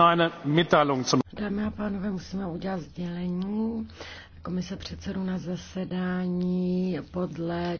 Dámy a pánové, musíme udělat sdělení. Komise předsedů na zasedání podle